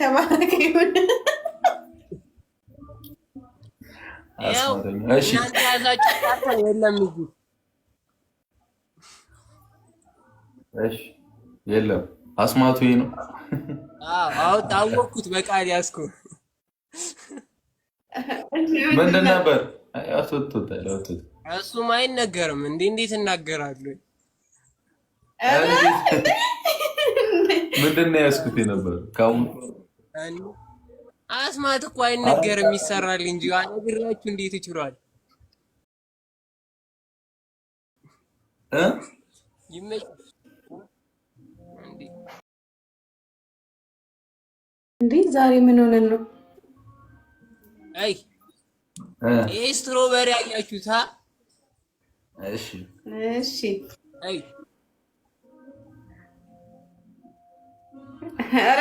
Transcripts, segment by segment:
ተባረክ ይሁን። የለም አስማቱ ነው። አሁን ታወቅኩት። በቃ ያዝኩ። ምንድን ነበር? እሱም አይነገርም እንዴ? እንዴት እናገራለሁ? ምንድን ነው ያዝኩት ነበር? አስማት እኮ አይነገርም ይሰራል እንጂ አነግራችሁ እንዴት ይችሏል? እንዴ ዛሬ ምን ሆነን ነው? አይ ይሄ ስትሮበሪ አያችሁታ? እሺ እሺ። አይ ኧረ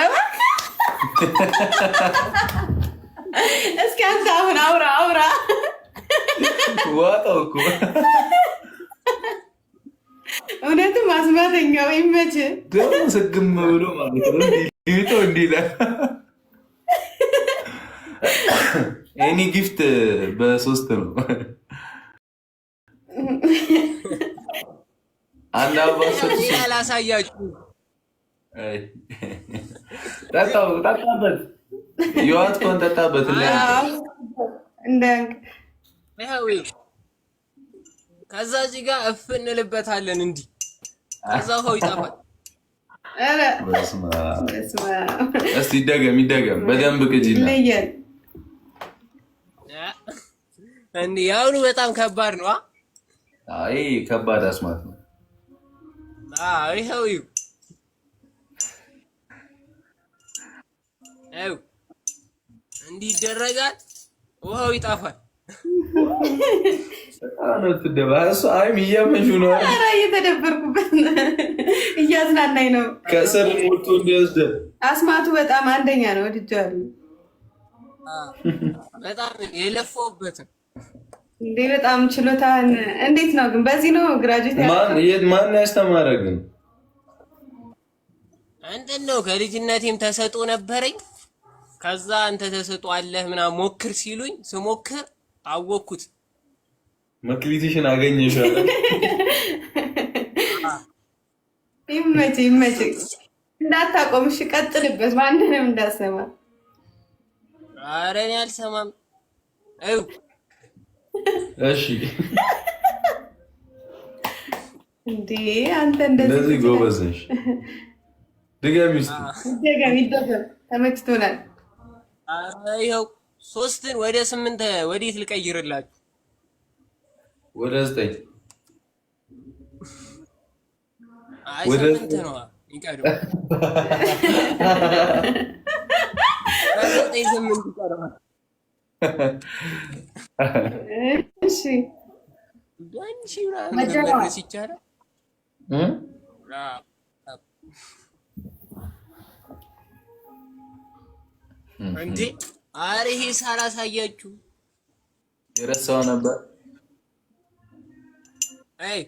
እስኪ አንተ አሁን አውራ አውራ ዋጣው እኮ እውነትም አስማተኛው ይመች ደግሞ ስግም ብሎ ማለት ነው። ሊጦ እንዲለ ኤኒ ጊፍት በሶስት ነው። አንድ አባ ያላሳያችሁ ጠጣበት፣ የዋትኮን ጠጣበት። ከዛ እዚህ ጋር እፍ እንልበታለን። እንዲህ ከዛ ውሃው ይጠፋል። እስቲ ይደገም ይደገም፣ በደንብ ቅጂ። የአሁኑ በጣም ከባድ ነው። አይ ከባድ አስማት ነው። ይኸው እንዲህ ይደረጋል። ውሃው ይጣፋል። አይም እያመሹ ነው። እየተደበርኩበት እያዝናናኝ ነው። ከስር ሞልቶ እንዲወስደ አስማቱ በጣም አንደኛ ነው። ወድጄዋለሁ። በጣም የለፋውበትን እንዴ በጣም ችሎታን እንዴት ነው ግን? በዚህ ነው ግራጁዌት ማን ያስተማረ ግን? እንትን ነው ከልጅነቴም ተሰጦ ነበረኝ። ከዛ አንተ ተሰጧለህ ምና ሞክር ሲሉኝ ስሞክር አወቅኩት። መክሊትሽን አገኘሻል። ይመችህ ይመችህ። እንዳታቆምሽ ቀጥልበት፣ ማንንም እንዳሰማ። አረን ያልሰማም እው እሺ እንዴ አንተ እንደዚህ ጎበዝ ነሽ። ድገሚ፣ ተመችቶናል ይኸው ሶስትን ወደ ስምንት ወዴት ልቀይርላችሁ? ወደ ዘጠኝ ወደ ስምንት ነው ይቀድማል። ዘጠኝ ስምንት ይቀድማል። እሺ አንቺ ምናምን ይቻላል እንዴ አሪ ሂስ አላሳያችሁ የረሳው ነበር። አይ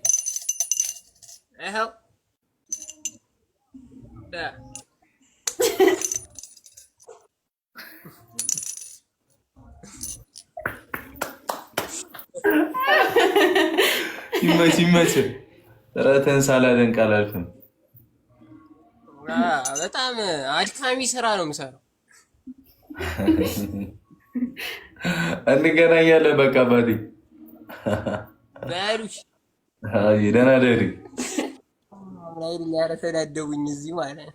ይኸው ይመች ይመች። ጥረትን ሳላደንቅ አላልፍም። በጣም አድካሚ ስራ ነው የምሰራው። እንገናኛለን። በቃ ባዲ ደህና ደሪ ተዳደቡኝ እዚህ ማለት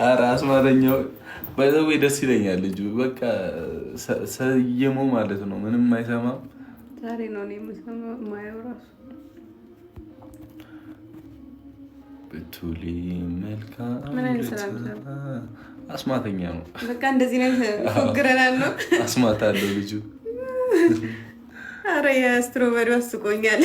ኧረ አስማተኛው በዘዌ ደስ ይለኛል። ልጁ በቃ ሰየሞ ማለት ነው። ምንም አይሰማም። ዛሬ ነው እኔ ራሱ ብቱሊ አስማተኛ ነው። በቃ እንደዚህ ነው ፎግረናል ነው አስማት አለው ልጁ። አረ የስትሮበሪ አስቆኛል።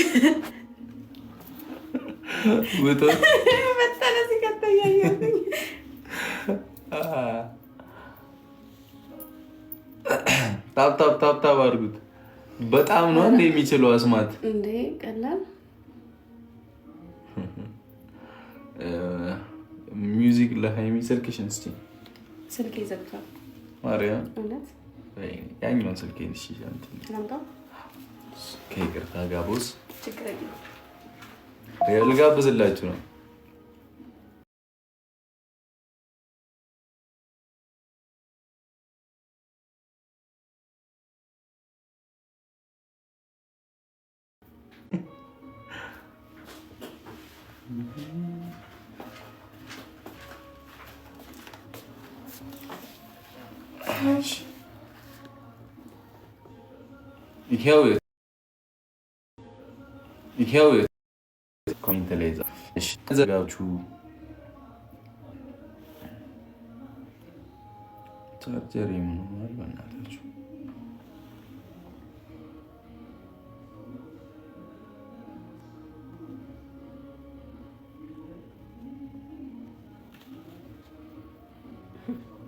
ታብታብ ታብታብ አድርጉት። በጣም ነው እንደ የሚችለው አስማት እንዴ ቀላል ሚውዚክ ለሀይሚ ስልክሽን እስኪ ስልክ ይዘግቷል። ማርያም ያኛውን ስልክ ከይቅርታ ጋቦስ ልጋብዝላችሁ ነው ይሄው ይሄው ኮሜንት ላይ እሺ፣ ተዘጋችሁ ቻርጀር የምንሆናል በእናታችሁ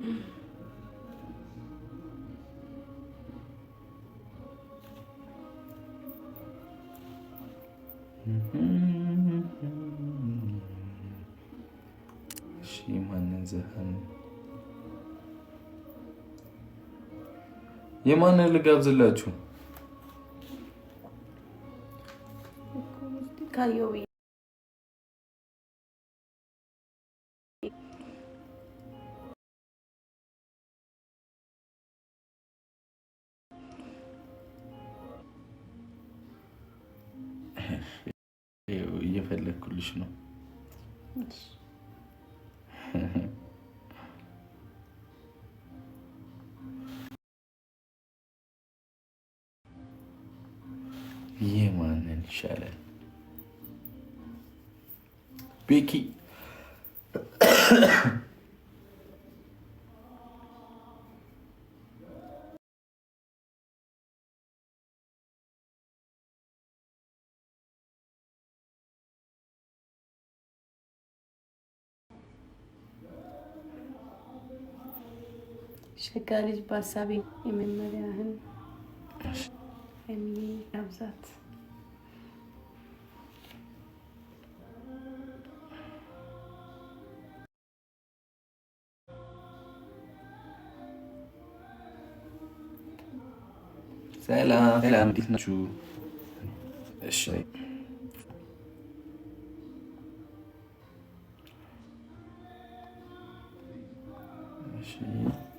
Mm-hmm. shi ዘፈን የማንን ልጋብዝላችሁ? እየፈለግኩልሽ ነው። ይህ ማንን ይሻላል? ቤኪ ሸጋ ልጅ በሀሳቤ የመመሪያህን ሀይሚዬ አብዛት። ሰላም ሰላም፣ እንዴት ናችሁ? እሺ እሺ